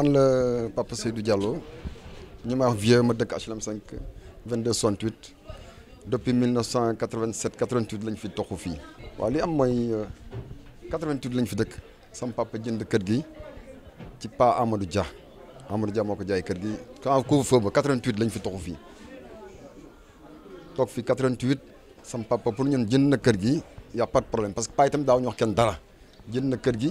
man le Papa Seydou Diallo ñu ma wax vieux ma dëkk HLM 5 22 68 depuis 1987 88 lañ fi toxu fii waaw li am mooy 88 euh, lañ fi dëkk sam papa jënd kër gi ci pa Amadou Dia Amadou Dia moo ko jaay kër gi quand couvre-feu ba 88 lañ fi toxu fii toog fi 88 sam papa pour ñun jënd na kër gi y' a pas de problème parce que paa itam daaw ñu wax kenn dara jënd na kër gi.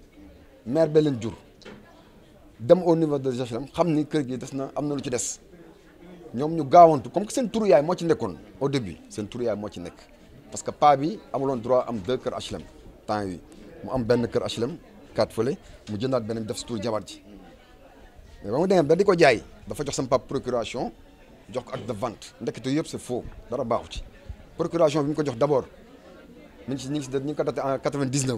maire ba jur dem au niveau de GFM xam ni kër gi des na am na lu ci des ñoom ñu gaawantu comme que seen turu moo ci nekkoon au début seen turu yaay moo ci nekk parce que paa bi amuloon droit am deux kër HLM temps yi mu am benn kër HLM quatre fële mu jëndaat beneen def si turu jabar ji mais ba mu demee ba di ko jaay dafa jox sama pap procuration jox ko acte de vente ndekete yëpp c'est faux dara baaxu ci procuration bi mu ko jox d'abord mi ngi si ñu ngi si ñu ngi ko daté en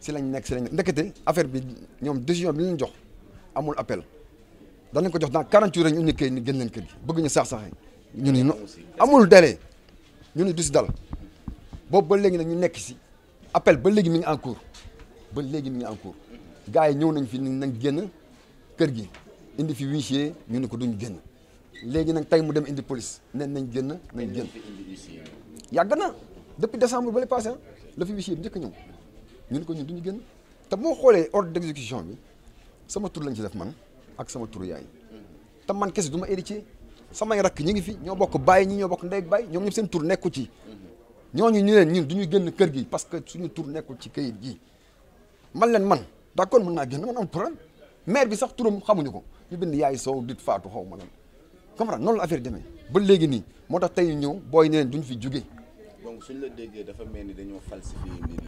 si lañ nekk si lañ nekk ndekete affaire bi ñoom décision bi ñu jox amul appel danañ ko jox dans quarante jours ñu nekkee ni génn leen kër gi bëgg ñu saax saaxee ñu ne amul délai ñu ne du dal boobu ba léegi nag ñu nekk si appel ba léegi mi ngi en cours ba léegi mi ngi gars yi ñëw nañ fi nañ génn kër gi indi fi huissier ñu ne ko duñ génn léegi nag tey mu dem indi police nen nañ génn nañ génn yàgg na depuis décembre ba le passé la fi huissier bi njëkk ñu ñu ko ñu duñu gën te boo xoolee ordre d'exécution bi sama tur lañ ci def man ak sama turu yaay te man kese du ma héritier samay rakk ñi ngi fi ñoo bokk bàyyi ñi ñoo bokk ndey ak bàyyi ñoom ñëpp seen tur nekku ci ñooñu ñu leen ñun duñu ñu génn kër gi parce que suñu tur nekkul ci kayit gi man leen man d'accord mën naa génn man am problème maire bi sax turam xamuñu ko ñu bind yaay soow dit faatu xaw ma lan comprendre noonu la affaire demee ba léegi nii moo tax tey ñëw booy ne leen duñ fi jóge donc suñ la déggee dafa mel ni dañoo falsifier mbir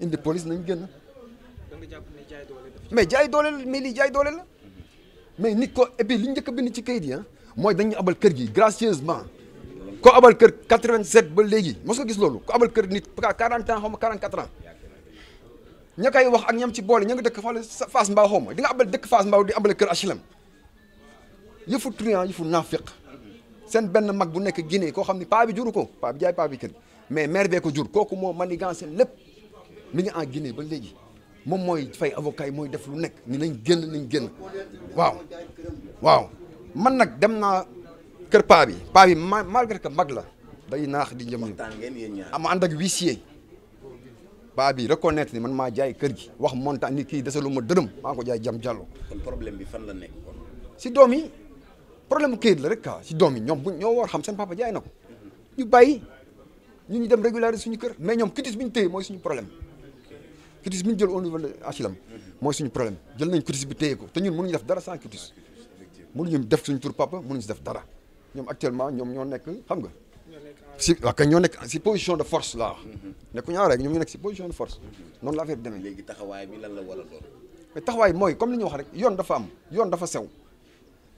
indi police nañ génn. mais jaay doole la mais jaay doole la mais nit ko et puis li njëkk a bind ci kayit yi ah mooy dañu abal kër gi gracieusement ko abal kër 87 ba léegi mos ko gis loolu ko abal kër nit 40 ans xaw ma 44 ans ña koy wax ak ñam ci boole ña nga dëkk Fass Mbao xaw ma di nga abal dëkk Fass Mbao di abal kër HLM yëfu truand yëfu naafiq seen benn mag bu nekk Guinée koo xam ni paa juru ko paa jaay paa kër mais maire bee ko jur kooku moo manigancé lépp. mi ngi en ginee ba léegi moom mooy fay avocat yi mooy def lu nekk ni nañ génn nañ génn waaw waaw man nag dem naa kër paa bi paa bi malgré que mag la day naax di njëm ama ànd ak huissier paa bi reconnaître ni man maa jaay kër gi wax montant kii desalu ma dërëm maa ko jaay jam jàllo kon bi fan la nekk kon si doom yi problème bu këyit la rek quoi si doom yi ñoom bu ñoo war xam seen papa jaay na ko ñu bàyyi ñu ñu dem régulariser suñu kër mais ñoom kitis bi ñu téye mooy suñu problème cutis bi ñu jël au niveau de HLM mooy suñu problème jël nañ cutis bi téye ko te ñun mënuñu def dara sans cutis mënuñu def suñu tur papa mënuñu actuellement ñoom ñoo nekk xam nga si waaw ñoo nekk si position de force laa wax nekkuñu en règle ñoom nekk si position de force noonu la affaire bi demee. léegi taxawaay bi lan a doon. mais taxawaay mooy comme li ñu wax rek yoon dafa am yoon dafa sew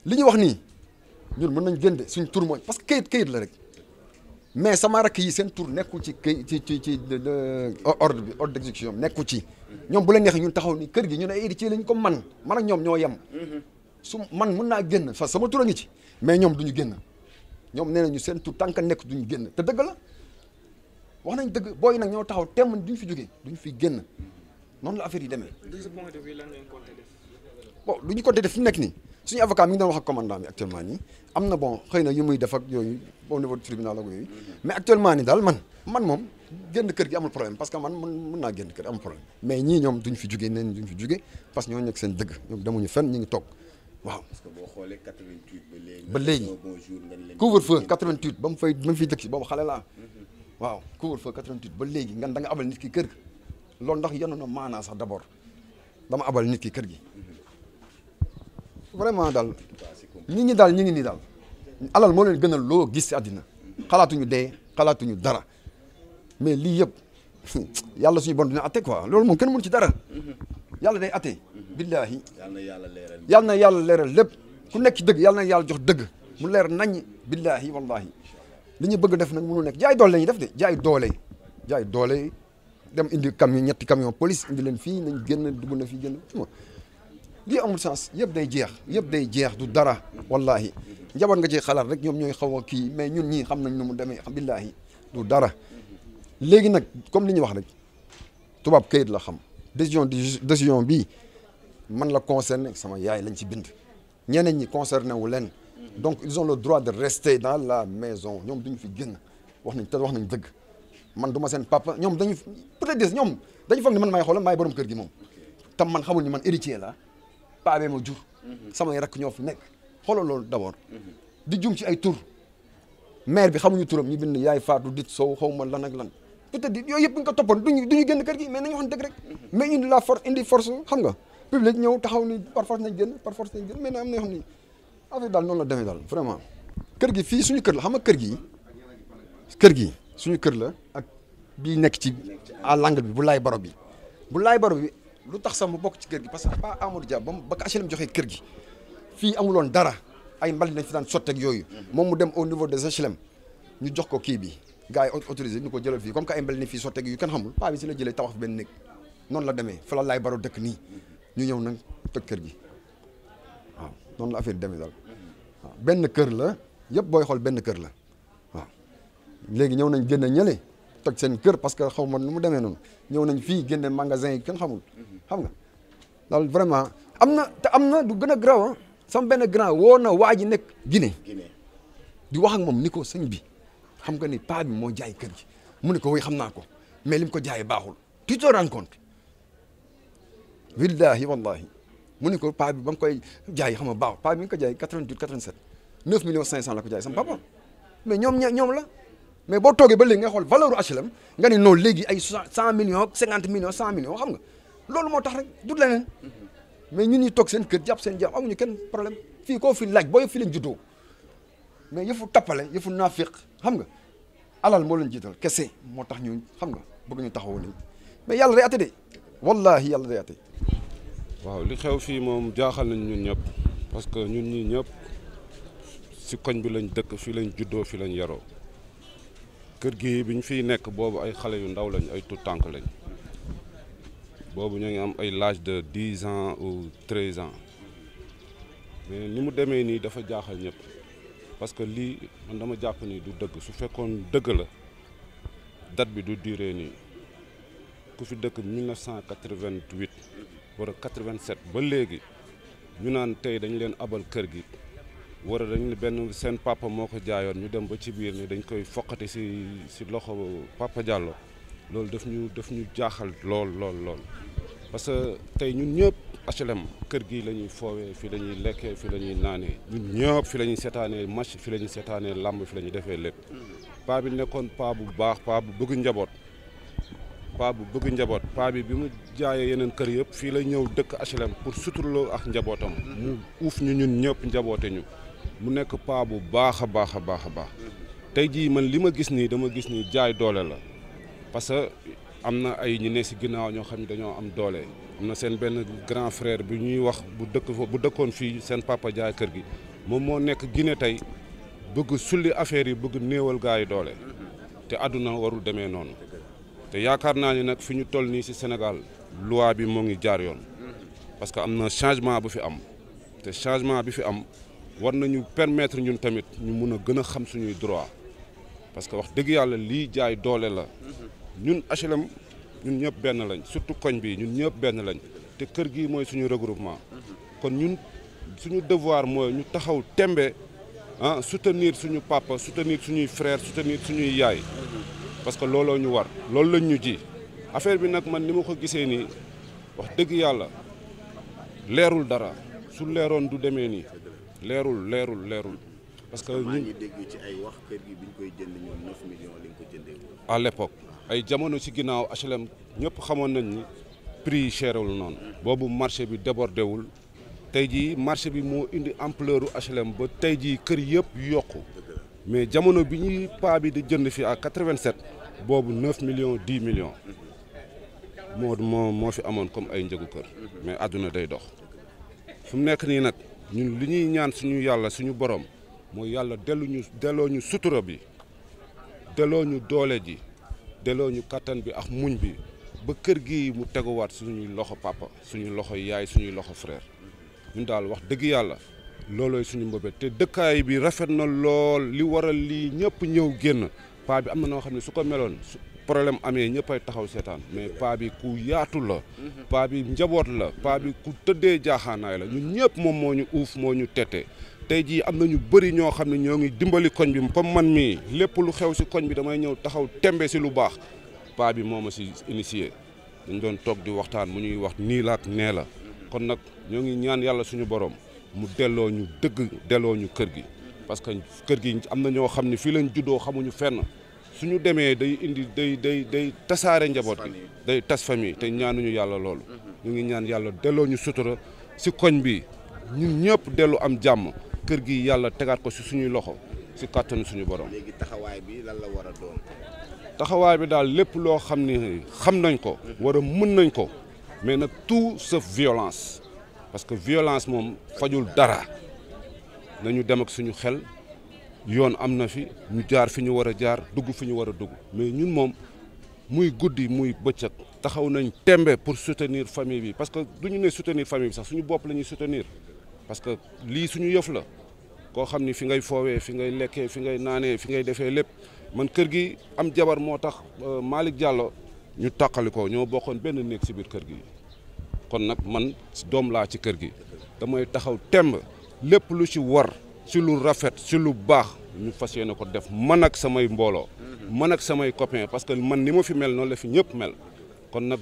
li ñu wax nii ñun mën nañ génde suñ tur mooy parce que kayit kayit la rek. mais sama rakk yi seen tur nekkul ci këy ci ci ci ordre bi ordre d'exécution nekku ci ñoom bu la neexee ñun taxaw ni kër gi ñu ne héritier lañ ko man man ak ñoom ñoo yem mm-hmm. su man mën naa génn sa sama tur a ci mais ñoom du ñu génn ñoom nee nañu seen tur tànk nekk duñu génn te dëgg la wax nañ dëgg booy nag ñoo taxaw temm duñ fi jógee ñu fi génn noonu la affaire yi demee bon lu ñu compté def fi mu nekk ni suñu avocat mi ngi doon wax ak commandant bi actuellement nii am na bon xëy na yu muy def ak yooyu au niveau du tribunal ak yooyu mais actuellement nii daal man man moom génn kër gi amul problème parce que man man mën naa génn kër amul problème waaw. parce que boo xoolee 88 ba nga da nga abal nit ki kër loolu ndax yenu na maanaa sax d'abord dama abal nit ki kër gi vraiment daal nit ñi daal ñu ngi nii daal alal moo gën a loo gis si àddina xalaatuñu dee xalaatuñu dara mais lii yëpp su ñu bon dina atte quoi loolu moom kenn mënu ci dara yàlla day atte billahi yàlla na yàlla leeral lépp ku nekk dëgg yàlla na yàlla jox dëgg mu leer nañ billahi wallahi li ñu bëgg def nag mënu nekk jaay doole la ñuy def de jaay doole jaay doole dem indi camion ñetti kam camion police indi leen fii nañ génn dugg na fi génn lii amul sens yeb day jeex yeb day jeex du dara wallahi njaboot nga ci xalat rek ñom ñoy xaw a kii mais ñun ñi xam nañ nu mu demee billahi du dara léegi nak comme li ñu wax nak tubab keuyit la xam décision di décision bii man la concerné sama yaay lañ ci bind ñeneen ñi concerné wu len donc ils ont le droit de rester dans la maison ñom duñ fi génn wax nañ te wax nañ dëgg man duma sen papa ñom dañu peut-être ñom dañu foog man may xoolal may borom kër gi mom tam man xamul ni man héritier la paa bee ma jur. samay rakk ñoo fi nekk xoolal loolu d' abord. di jum ci ay tur maire bi xamuñu turam ñu bind yaay faatu dit sow xaw ma lan ak lan peut-être yooyu yëpp bu ñu ko toppoon duñu duñu génn kër gi mais nañu wax dëgg rek. mais indi la force indi force xam nga public ñëw taxaw ni par force nañ génn par force nañ génn mais na am na yoo xam ni affaire daal noonu la demee daal vraiment. kër gi fii suñu kër la xam nga kër gi kër gi suñu kër la ak bii nekk ci à l'angle bi bu laay baro bi bu laay baro bi. lu tax sax mu bokk ci kër gi parce que pas Amadou Dia ba mu ba ko HLM joxee kër gi fii amuloon dara ay mbalit lañ fi daan sotteeg yooyu. moom mu dem au niveau des HLM ñu jox ko kii bi gars yi autorisé ñu ko jëlal fii comme que ay mbalit lañ fii sotteeg yu kenn xamul paa bi si la jëlee tabax benn néeg noonu la demee fa la laay baro dëkk nii ñu ñëw nag toj kër gi waaw noonu la affaire demee daal benn kër la yëpp booy xool benn kër la waaw léegi ñëw nañ génn ñële. sen keur parce que xawma nu mu non ñew nañ fi magasin xamul xam nga vraiment amna te du gëna a ah. sama grand di wax ak mom niko señ bi xam nga ni pa bi mo jaay gi mu way ko mais lim ko baaxul tu te rends compte wallahi mu ne ko bi ba koy jaay xam baax pa bi jaay 88 87 9 la ko jaay papa mm-hmm. mais mais boo toogee ba léegi nga xool valeur HLM nga ne non léegi ay cent millions cinquante millions cent millions xam nga loolu moo tax rek du leneen mais ñun ñi toog seen kër jàpp seen jàpp amuñu kenn problème fii koo fi laaj booy fi leen juddoo mais yëfu tappale yëfu naafiq xam nga alal moo leen jiital kese moo tax ñu xam nga bëgg ñu taxaw nii mais yàlla day atte de wallaahi yàlla day atte waaw li xew fii moom jaaxal nañ ñun ñëpp parce que ñun ñi ñëpp si koñ bi lañ dëkk fii lañ juddoo fii lañ yaroo kër gi bi ñu fi nekk boobu ay xale yu ndaw lañu ay tout tànk lañ boobu ñu ngi am ay lage de dix ans ou treize ans mais ni mu demee nii dafa jaaxal ñëpp parce que lii man dama jàpp nii du dëgg su fekkoon dëgg la date bi du duré nii ku fi dëkk 1988 wala 87 ba léegi ñu naan tey dañu leen abal kër gi war a dañ ne benn seen papa moo ko jaayoon ñu dem ba ci biir ne dañ koy foqati si si loxo Papa Diallo loolu daf ñu daf ñu jaaxal lool lool lool parce que tey ñun ñëpp HLM kër gi lañuy foowee fi la lekkee fi la naanee ñun ñëpp fi la ñuy seetaanee match fi la ñuy seetaanee làmb fi la ñuy defee lépp paa bi nekkoon paa bu baax paa bu bëgg njaboot paa bu bëgg njaboot paa bi bi mu jaayee yeneen kër yëpp fii la ñëw dëkk HLM pour suturloo ak njabootam mu uuf ñu ñun ñëpp njaboote ñu mu nekk paa bu baax a baax a baax a baax tey jii man li ma gis nii dama gis ni jaay doole la parce que am na ay ñu ne si ginnaaw ñoo xam ne dañoo am doole am na seen benn grand frère bi ñuy wax bu dëkk bu dëkkoon fii seen papa jaay kër gi moom moo nekk gine tey bëgg sulli affaire yi bëgg néewal gars yi doole te àdduna warul demee noonu te yaakaar naa ni nag fi ñu toll nii si senegal loi bi moo ngi jaar yoon parce que am na changement bu fi am te changement bi fi am war nañu permettre ñun tamit ñu mun a gën a xam suñuy droit parce que wax dëgg yàlla lii jaay doole la ñun HLM ñun ñëpp benn lañ surtout koñ bi ñun ñëpp benn lañ te kër gi mooy suñu regroupement kon ñun suñu devoir mooy ñu taxaw tembe ah soutenir suñu papa soutenir suñuy frère soutenir suñuy yaay parce que looloo ñu war loolu lañ ñu ji affaire bi nag man ni ma ko gisee nii wax dëgg yàlla leerul dara su leeroon du demee nii leerul leerul leerul. parce que maa ngi dégg ci ay wax kër gi bi ñu koy jënd ñoom 9 millions lañ ko jëndee à l'époque ay jamono ci ginnaaw HLM ñëpp xamoon nañ ni prix yi cherul noonu. boobu marché bi débordé wul. tay ji marché bi mo indi ampleur HLM ba tay ji kër yëpp yokku mais jamono bi ñi pa bi di jënd fi à 87 bobu 9 millions 10 millions mo mo moo fi amoon comme ay njëgu kër mais aduna day dox fu nekk ni nak ñun li ñuy ñaan suñu yàlla suñu borom mooy yàlla dellu ñu delloo ñu sutura bi delloo ñu doole ji delloo ñu kattan bi ak muñ bi ba kër gi mu teguwaat suñuy loxo papa suñu loxo yaay suñuy loxo frère ñun daal wax dëgg yàlla loolooy suñu mbëbët te dëkkaay bi rafet na lool li waral lii ñëpp ñëw génn paa bi am na noo xam ne su ko meloon problème amee ñëppay taxaw seetaan mais paa bi ku yaatu la. paa bi njaboot la paa bi ku tëddee jaaxaanaay la ñun ñëpp moom moo ñu uuf moo ñu tette tey jii am na ñu bëri ñoo xam ne ñoo ngi dimbali koñ bi comme man mii lépp lu xew si koñ bi damay ñëw taxaw tembe si lu baax paa bi moo ma si initié dañ doon toog di waxtaan mu ñuy wax nii la ak nee la kon nag ñoo ngi ñaan yàlla suñu borom mu delloo ñu dëgg delloo ñu kër gi parce que kër gi am na ñoo xam ne fii lañ juddoo xamuñu fenn. su ñu demee day indi day day day tasaare njaboot gi day tas famille te ñaanuñu yàlla loolu mu mhm. ngi ñaan yàlla delloo ñu sutura si koñ bi ñun ñëpp dellu am jàmm kër gi yàlla tegaat ko si suñuy loxo si kàttanu suñu borom. léegi taxawaay bi la war a taxawaay bi daal lépp loo xam ni xam nañ ko. Mhm. wara a mën nañ ko mais nag tout sauf violence parce que violence moom fajul dara nañu dem ak suñu xel. yoon am na fi ñu jaar fi ñu war a jaar dugg fi ñu war a dugg mais ñun moom muy guddi muy bëccëg taxaw nañ tembe pour soutenir famille bi parce que du ñu ne soutenir famille bi sax suñu bopp la soutenir parce que lii suñu yëf la koo xam ni fi ngay foowee fi ngay lekkee fi ngay naanee fi ngay defee lépp man kër gi am jabar moo tax euh, Malick Diallo ñu tàqali ko ñoo bokkoon benn néeg si biir kër gi kon nag man doom laa ci kër gi damay taxaw temb lépp lu ci war Sur le rafet sur le bas, nous faisons encore des def man ak samay mbooloo man ak samay copains parce que man ni ma fi mel noonu la fi ñëpp mel kon ñoo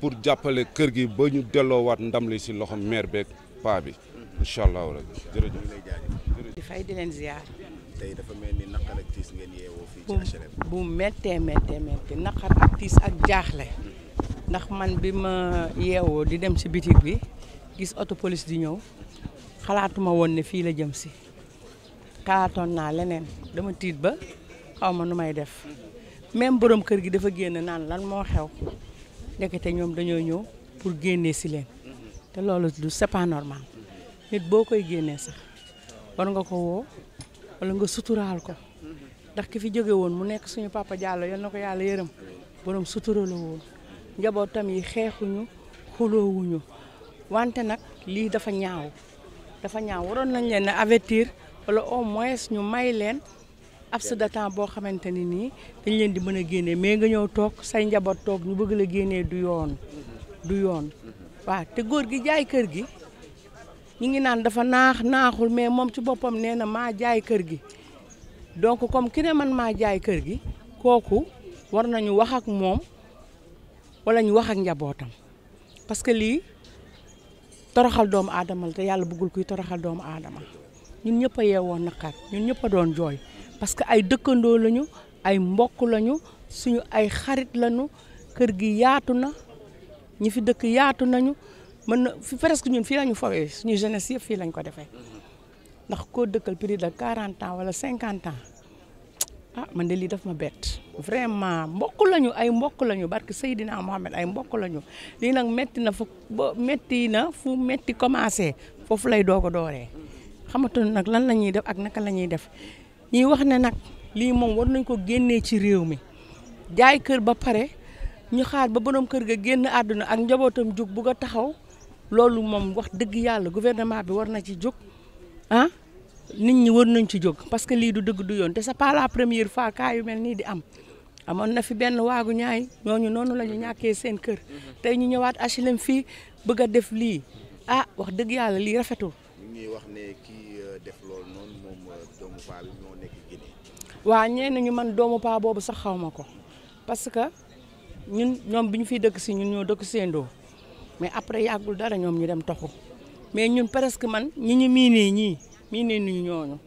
pour nous. kër gi ba ñu delloowaat ndam li ci loxo maire beeg paa bi incha allahu rek jërëjëf di fay di ziar dafa mel ni gis auto xalaatuma woon ne fii la jëm si xalaatoon naa leneen dama tiit ba xaw ma nu may def même borom kër gi dafa génn naan lan moo xew ndekete ñoom dañoo ñëw pour génnee si te loolu du c'est pas normal nit boo koy génnee sax war nga ko woo wala nga suturaal ko ndax ki fi jóge woon mu nekk suñu papa Diallo yal na ko yàlla yërëm borom sutura la woon njabootam yi xeexuñu xuloowuñu wante nag lii dafa ñaaw dafa ñaaw waroon nañ leen a avertir wala au moins ñu may leen ab de temps boo xamante ni nii dañ leen di mën a génnee mais nga ñëw toog say njaboot toog ñu bëgg la génnee du yoon du yoon waa te góor gi jaay kër gi ñu ngi naan dafa naax naaxul mais moom ci boppam nee na maa jaay kër gi donc comme ki ne man maa jaay kër gi kooku war nañu wax ak moom wala ñu wax ak njabootam parce que lii toroxal doomu aadama la te yàlla buggul kuy toroxal doomu aadama ñun ñëpp a yeewoo naqar ñun ñëpp a doon jooy parce que ay dëkkandoo lañu ay mbokk lañu suñu ay xarit lañu kër gi yaatu na ñi fi dëkk yaatu nañu mën na fi presque ñun fii lañu fawee suñu jenes yëpp fii lañ ko defee ndax koo dëkkal prix de 40 ans wala 50 ans. ah man de lii daf ma bett vraiment mbokk lañu ay mbokk lañu barke Seydina Mohamed ay mbokk lañu lii nag metti na fu ba metti na fu metti commencé foofu lay doog a dooree xamatuñu nag lan la ñuy def ak naka la ñuy def ñuy wax ne nag lii moom war nañ ko génnee ci réew mi jaay kër ba pare ñu xaar ba borom kër ga génn àdduna ak njabootam jug bu ko taxaw loolu moom wax dëgg yàlla gouvernement bi war na ci jug ah? nit ñi war nañ ci jóg parce que lii du dëgg du yoon te c'est pas la première fois cas mel nii di am amoon na fi benn waagu ñaay ñooñu noonu la ñu ñàkkee seen kër tey ñu ñëwaat HLM fii bëgg a def lii ah wax dëgg yàlla lii rafetul. ñu wax ne kii euh, def euh, ñee nañu man doomu paa boobu sax xaw ma ko parce que ñun ñoom bi ñu fiy dëkk si ñun ñoo dëkk seendoo mais après yàggul dara ñoom ñu dem toxu mais ñun presque man ñi ñu miinee ñii. mii ne nuñ ñooñu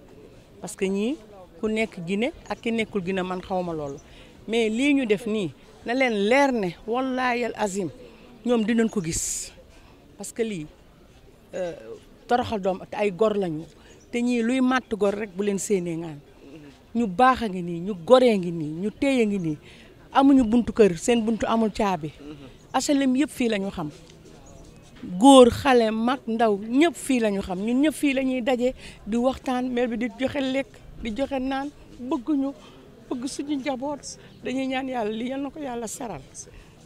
parce que ñii ku nekk Guinée ak ki nekkul Guinée man xawma ma loolu mais lii ñu def nii na leen leer ne wallaayal azim ñoom dinañ ko gis parce que lii euh, toroxal doom te ay gor lañu te ñii luy màtt gor rek bu leen séenee ngaan ñu baax a ngi nii ñu goree ngi nii ñu téye ngi nii amuñu bunt kër seen buntu amul caabi HLM mm-hmm. yëpp fii la ñu xam góor xale mag ndaw ñëpp fii la ñu xam ñun ñëpp fii la ñuy daje di waxtaan mel bi di joxe lekk di joxe naan bëgguñu bëgg suñu njaboot dañuy ñaan yàlla li yal na ko yàlla seral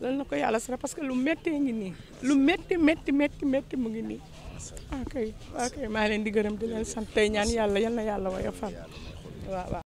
yal na ko yàlla saral parce que lu méttee ngi nii lu métti métti métti métti mu ngi nii ok ok maa leen di gërëm di leen sant tey ñaan yàlla yal na yàlla woyofal waaw